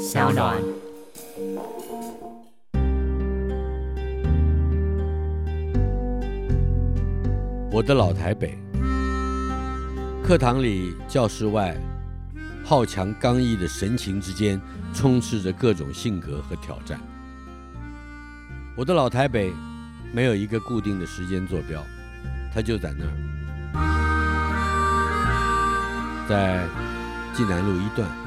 SoundOn。我的老台北，課堂裡、教室外，好強剛毅的神情之間，充斥着各種性格和挑戰。我的老台北，沒有一個固定的時間坐標，它就在那兒，在濟南路一段。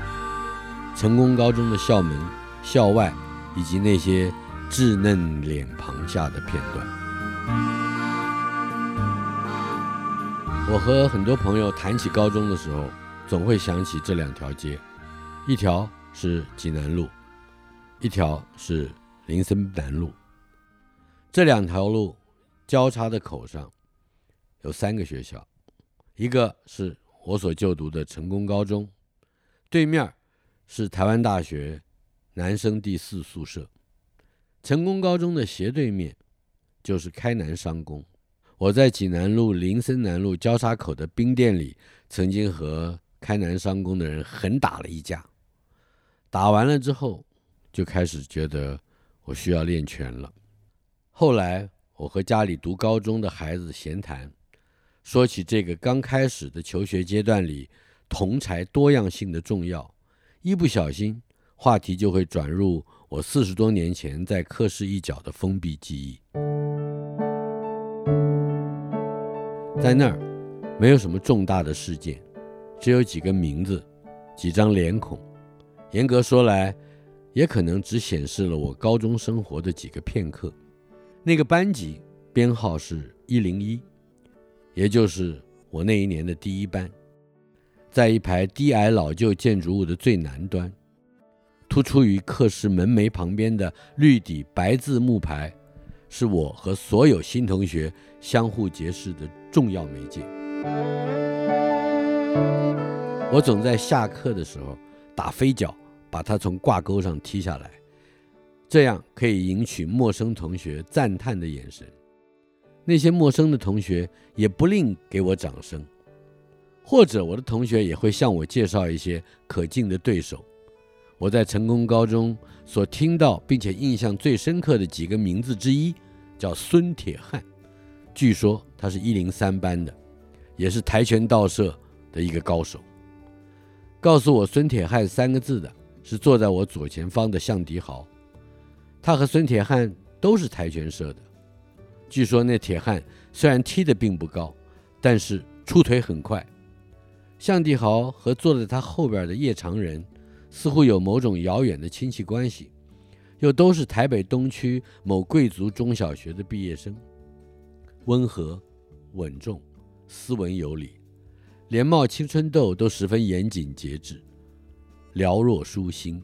成功高中的校門、校外，以及那些稚嫩臉龐下的片段。我和很多朋友談起高中的時候，總會想起這兩條街，一條是濟南路，一條是林森南路。這兩條路交叉的口上有三個學校，一個是我所就讀的成功高中，對面是臺灣大學男生第四宿舍，成功高中的斜對面就是開南商工。我在濟南路林森南路交叉口的冰店裡，曾經和開南商工的人狠打了一架。打完了之後，就開始覺得我需要練拳了。後來我和家裡讀高中的孩子閒談，說起這個剛開始的求學階段裡，同儕多樣性的重要。一不小心，話題就會轉入我四十多年前在課室一角的封閉記憶。在那兒，沒有什麼重大的事件，只有幾個名字，幾張臉孔。嚴格說來，也可能只顯示了我高中生活的幾個片刻。那個班級編號是一零一，也就是我那一年的第一班。在一排低矮老舊建築物的最南端，突出於課室門楣旁邊的綠底白字木牌，是我和所有新同學相互結識的重要媒介。我總在下課的時候打飛腳，把它從掛鈎上踢下來，這樣可以贏取陌生同學讚嘆的眼神。那些陌生的同學也不吝給我掌聲。或者我的同學也會向我介紹一些可敬的對手。我在成功高中所聽到並且印象最深刻的幾個名字之一，叫孫鐵漢。據說他是一零三班的，也是跆拳道社的一個高手。告訴我“孫鐵漢”三個字的是坐在我左前方的向迪豪。他和孫鐵漢都是跆拳社的。據說那鐵漢雖然踢得並不高，但是出腿很快。向帝豪和坐在他後邊的葉長仁，似乎有某種遙遠的親戚關係，又都是台北東區某貴族中小學的畢業生，溫和、穩重、斯文有禮，連冒青春痘都十分嚴謹節制，寥若晨星，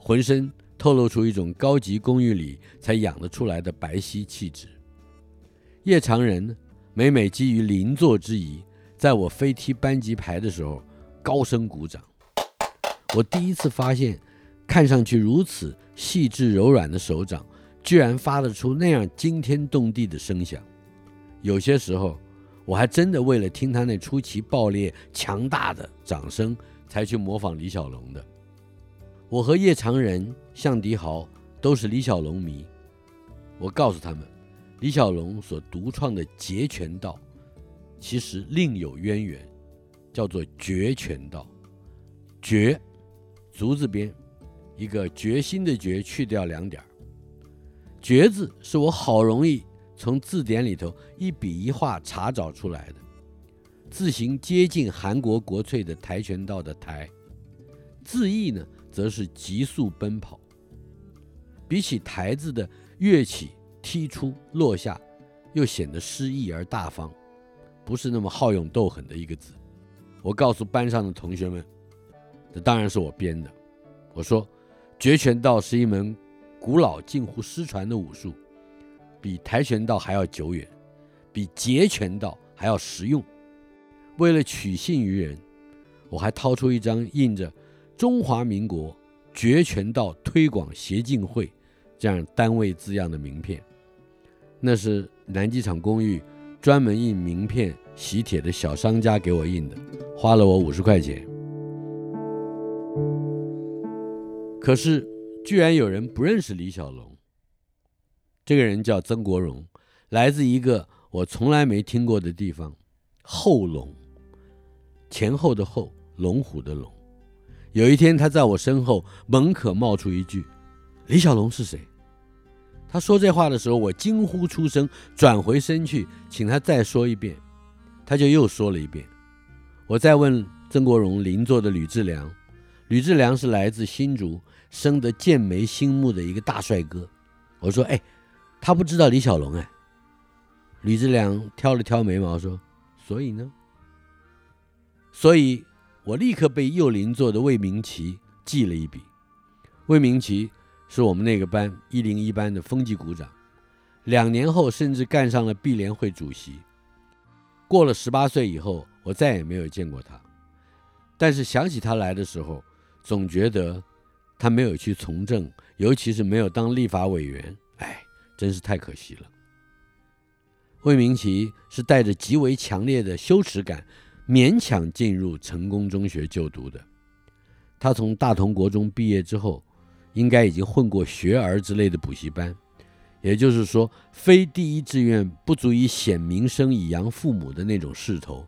渾身透露出一種高級公寓裡才養得出來的白皙氣質。葉長仁每每基於鄰座之誼。在我飛踢班級牌的時候，高聲鼓掌。我第一次發現，看上去如此細緻柔軟的手掌，居然發得出那樣驚天動地的聲響。有些時候，我還真的為了聽他那出奇爆裂、強大的掌聲，才去模仿李小龍的。我和葉長人、向迪豪都是李小龍迷。我告訴他們，李小龍所獨創的截拳道。其實另有淵源，叫做“絕拳道”。絕，足字邊，一個決心的“決”去掉兩點。絕字是我好容易從字典裡頭一筆一畫查找出來的，字形接近韓國國粹的跆拳道的“跆”，字意呢，則是急速奔跑。比起“跆”字的躍起、踢出、落下，又顯得詩意而大方。不是那麼好勇鬥狠的一個字。我告訴班上的同學們，這當然是我編的。我說，截拳道是一門古老、近乎失傳的武術，比跆拳道還要久遠，比截拳道還要實用。為了取信於人，我還掏出一張印着“中華民國截拳道推廣協進會”這樣單位字樣的名片。那是南機場公寓。專門印名片、喜帖的小商家給我印的，花了我五十塊錢。可是，居然有人不認識李小龍。這個人叫曾國榮，來自一個我從來沒聽過的地方——後龍。前後的後，龍虎的龍。有一天，他在我身後猛可冒出一句：“李小龍是誰？”他說這話的時候，我驚呼出聲，轉回身去，請他再說一遍。他就又說了一遍。我再問曾國榮鄰座的呂志良，呂志良是來自新竹，生得劍眉星目的一個大帥哥。我說：“哎，他不知道李小龍。”哎，呂志良挑了挑眉毛說：“所以呢？”所以我立刻被右鄰座的魏明琦記了一筆。魏明琦是我們那個班一零一班的風紀股長，兩年後甚至幹上了班聯會主席。過了十八歲以後，我再也沒有見過他，但是想起他來的時候，總覺得他沒有去從政，尤其是沒有當立法委員，哎，真是太可惜了。魏明琦是帶着極為強烈的羞恥感，勉強進入成功中學就讀的。他從大同國中畢業之後，應該已經混過學而之類的補習班，也就是說，非第一志願不足以顯名聲以揚父母的那種勢頭。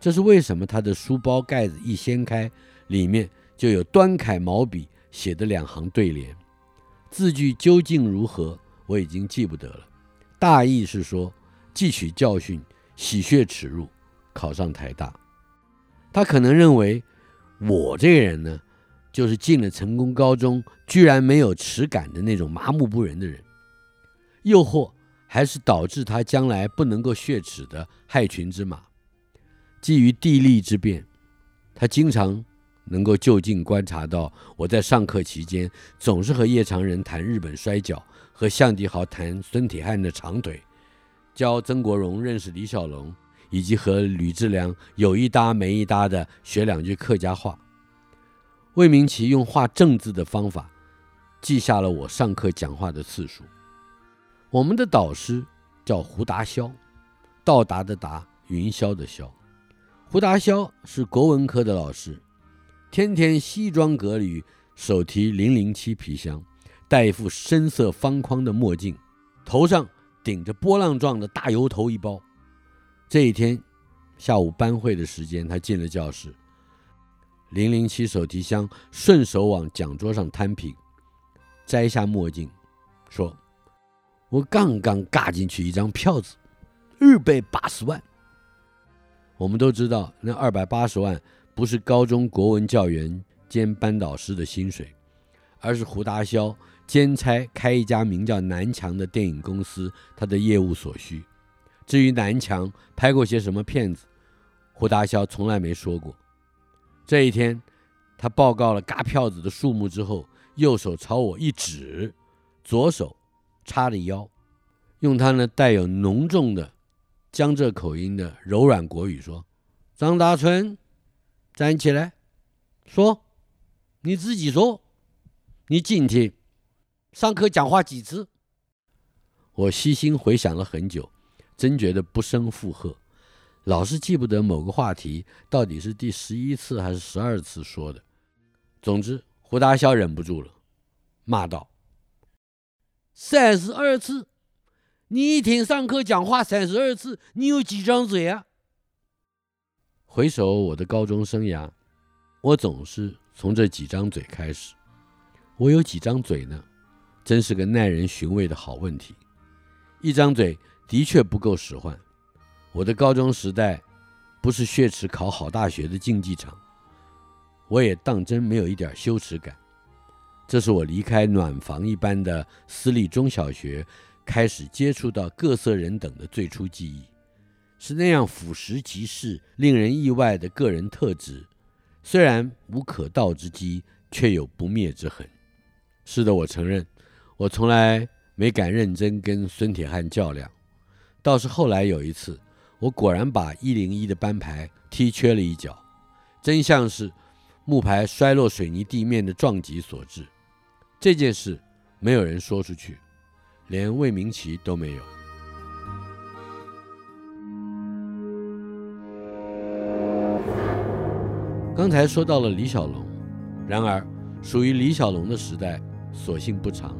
這是為什麼？他的書包蓋子一掀開，裡面就有端楷毛筆寫的兩行對聯，字句究竟如何我已經記不得了。大意是說，汲取教訓，洗雪恥辱，考上台大。他可能認為，我這個人呢，就是進了成功高中，居然沒有恥感的那種麻木不仁的人，誘惑還是導致他將來不能夠雪恥的害群之馬。基於地利之便，他經常能夠就近觀察到我在上課期間，總是和葉長人談日本摔角，和向帝豪談孫鐵漢的長腿，教曾國榮認識李小龍，以及和呂志良有一搭沒一搭的學兩句客家話。魏明奇用畫正字的方法，記下了我上課講話的次數。我們的導師叫胡達霄，到達的達，雲霄的霄。胡達霄是國文科的老師，天天西裝革履，手提零零七皮箱，戴一副深色方框的墨鏡，頭上頂着波浪狀的大油頭一包。這一天下午班會的時間，他進了教室。零零七手提箱順手往講桌上攤平，摘下墨鏡，說：“我剛剛嘎進去一張票子，二百八十萬。”我們都知道，那二百八十萬不是高中國文教員兼班導師的薪水，而是胡大肖兼差開一家名叫南牆的電影公司，他的業務所需。至於南牆拍過些什麼片子，胡大肖從來沒說過。這一天，他報告了嘎票子的數目之後，右手朝我一指，左手叉着腰，用他那帶有濃重的江浙口音的柔軟國語說：“張大春，站起來，說，你自己說，你今天上課講話幾次？”我悉心回想了很久，真覺得不勝負荷。老是記不得某個話題到底是第十一次還是十二次說的。總之，胡大霄忍不住了，罵道：“三十二次！你一天上課講話三十二次，你有幾張嘴啊？”回首我的高中生涯，我總是從這幾張嘴開始。我有幾張嘴呢？真是個耐人尋味的好問題。一張嘴的確不夠使喚。我的高中時代，不是血池考好大學的競技場，我也當真沒有一點羞恥感。這是我離開暖房一般的私立中小學，開始接觸到各色人等的最初記憶，是那樣俯拾即是令人意外的個人特質。雖然無可道之機，卻有不滅之痕。是的，我承認，我從來沒敢認真跟孫鐵漢較，較量，倒是後來有一次。我果然把一零一的班牌踢缺了一角，真相是木牌摔落水泥地面的撞擊所致。這件事沒有人說出去，連魏明奇都沒有。剛才說到了李小龍，然而屬於李小龍的時代所幸不長，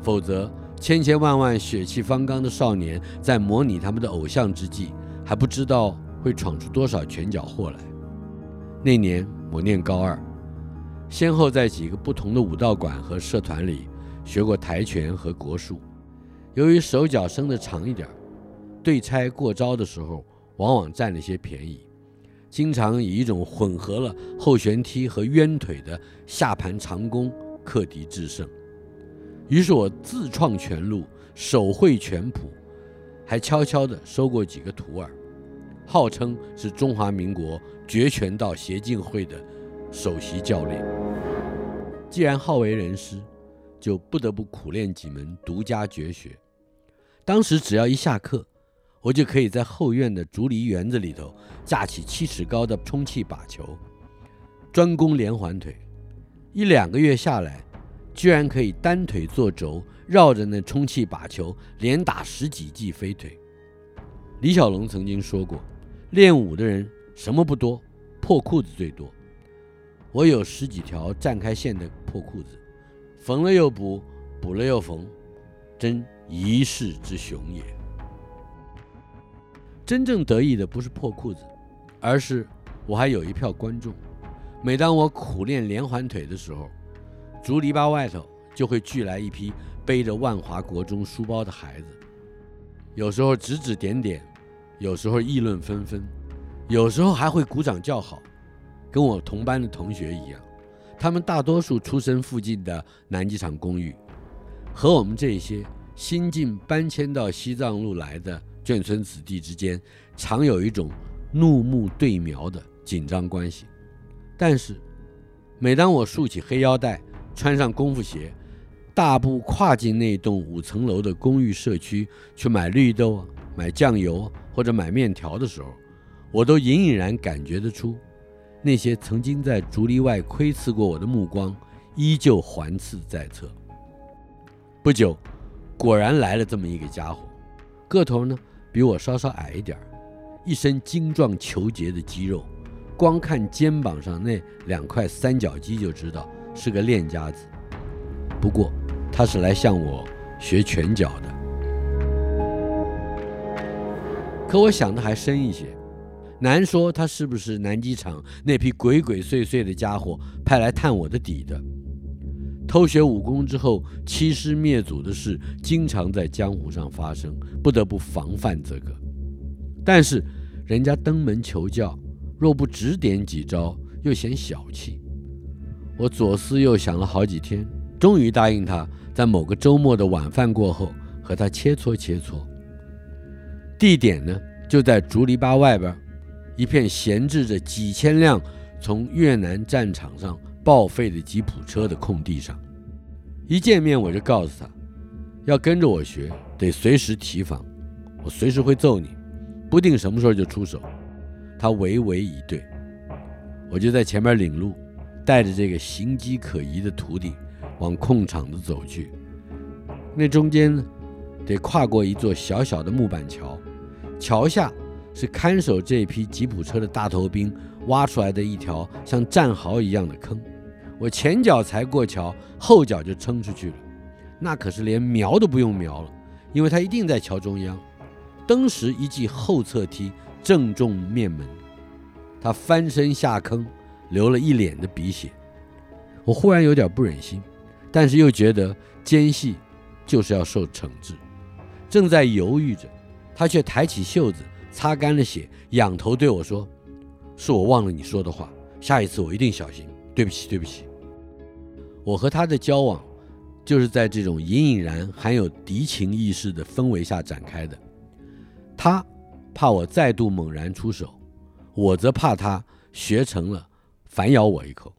否則千千萬萬血氣方剛的少年在模擬他們的偶像之際。還不知道會闖出多少拳腳禍來。那年我念高二，先後在幾個不同的武道館和社團裡學過跆拳和國術。由於手腳伸得長一點，對拆過招的時候往往占了些便宜，經常以一種混合了後旋踢和鴛腿的下盤長弓克敵制勝。於是我自創拳路，手繪拳譜，還悄悄地收過幾個徒兒。號稱是中華民國跆拳道協進會的首席教練。既然好為人師，就不得不苦練幾門獨家絕學。當時只要一下課，我就可以在後院的竹籬園子裡頭架起七尺高的充氣靶球，專攻連環腿。一兩個月下來，居然可以單腿做軸，繞着那充氣靶球連打十幾記飛腿。李小龍曾經說過。練武的人什麼不多，破褲子最多。我有十幾條綻開線的破褲子，縫了又補，補了又縫，真一世之雄也。真正得意的不是破褲子，而是我還有一票觀眾。每當我苦練連環腿的時候，竹籬笆外頭就會聚來一批背着萬華國中書包的孩子，有時候指指點點。有時候議論紛紛，有時候還會鼓掌叫好，跟我同班的同學一樣。他們大多數出身附近的南機場公寓，和我們這些新近搬遷到西藏路來的眷村子弟之間，常有一種怒目對瞄的緊張關係。但是，每當我束起黑腰帶，穿上功夫鞋，大步跨進那棟五層樓的公寓社區去買綠豆啊，買醬油或者買麵條的時候，我都隱隱然感覺得出，那些曾經在竹籬外窺伺過我的目光依舊環伺在側。不久，果然來了這麼一個家伙，個頭呢，比我稍稍矮一點，一身精壯虬結的肌肉，光看肩膀上那兩塊三角肌就知道是個練家子。不過，他是來向我學拳腳的，可我想的還深一些，難說他是不是南機場那批鬼鬼祟祟的家伙派來探我的底的。偷學武功之後，欺師滅祖的事經常在江湖上發生，不得不防範這個。但是人家登門求教，若不指點幾招，又嫌小氣。我左思右想了好幾天。終於答應他，在某個周末的晚飯過後，和他切磋切磋。地點呢，就在竹籬笆外邊，一片閒置着幾千輛從越南戰場上報廢的吉普車的空地上。一見面我就告訴他，要跟着我學，得隨時提防，我隨時會揍你，不定什麼時候就出手。他唯唯以對，我就在前面領路，帶着這個形跡可疑的徒弟往空場子走去，那中間呢，得跨過一座小小的木板橋，橋下是看守這批吉普車的大頭兵挖出來的一條像戰壕一樣的坑。我前腳才過橋，後腳就衝出去了。那可是連瞄都不用瞄了，因為他一定在橋中央。登時一記後側踢正中面門，他翻身下坑，流了一臉的鼻血。我忽然有點不忍心。但是又覺得奸細就是要受懲治，正在猶豫着，他卻抬起袖子擦乾了血，仰頭對我說：“是我忘了你說的話，下一次我一定小心。對不起，對不起。”我和他的交往，就是在這種隱隱然含有敵情意識的氛圍下展開的。他怕我再度猛然出手，我則怕他學成了反咬我一口。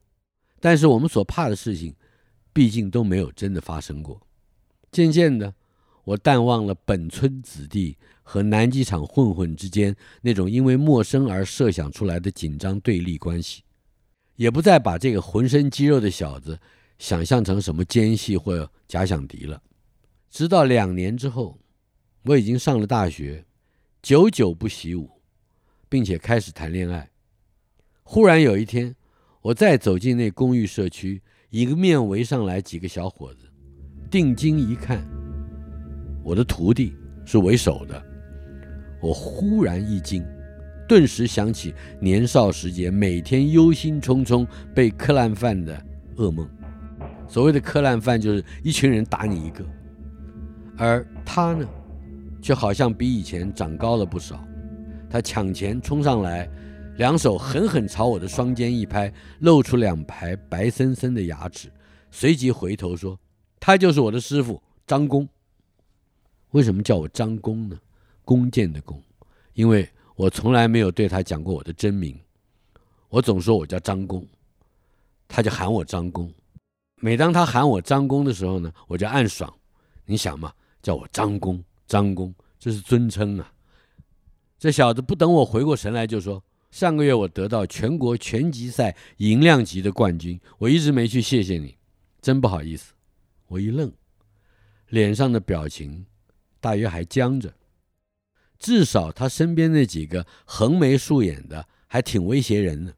但是我們所怕的事情。畢竟都沒有真的發生過。漸漸的，我淡忘了本村子弟和南機場混混之間那種因為陌生而設想出來的緊張對立關係，也不再把這個渾身肌肉的小子想象成什麼奸細或假想敵了。直到兩年之後，我已經上了大學，久久不習武，並且開始談戀愛。忽然有一天，我再走進那公寓社區。一個面圍上來幾個小伙子，定睛一看，我的徒弟是為首的，我忽然一驚，頓時想起年少時節每天憂心忡忡被磕爛飯的噩夢。所謂的磕爛飯，就是一群人打你一個，而他呢，卻好像比以前長高了不少。他搶錢衝上來。兩手狠狠朝我的雙肩一拍，露出兩排白森森的牙齒，隨即回頭說：“他就是我的師傅張弓。為什麼叫我張弓呢？弓箭的弓，因為我從來沒有對他講過我的真名，我總說我叫張弓，他就喊我張弓。每當他喊我張弓的時候呢，我就暗爽。你想嘛，叫我張弓張弓，這是尊稱啊。這小子不等我回過神來就說。上個月我得到全國拳擊賽蠅量級的冠軍，我一直沒去謝謝你，真不好意思。我一愣，臉上的表情大約還僵着，至少他身邊那幾個橫眉豎眼的還挺威脅人的。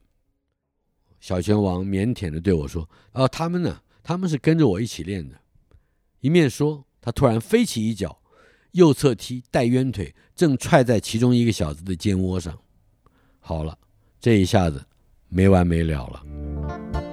小拳王腼腆的對我說：“哦、啊，他們呢？他們是跟着我一起練的。”一面說，他突然飛起一腳，右側踢帶冤腿，正踹在其中一個小子的肩窩上。好了，這一下子沒完沒了了。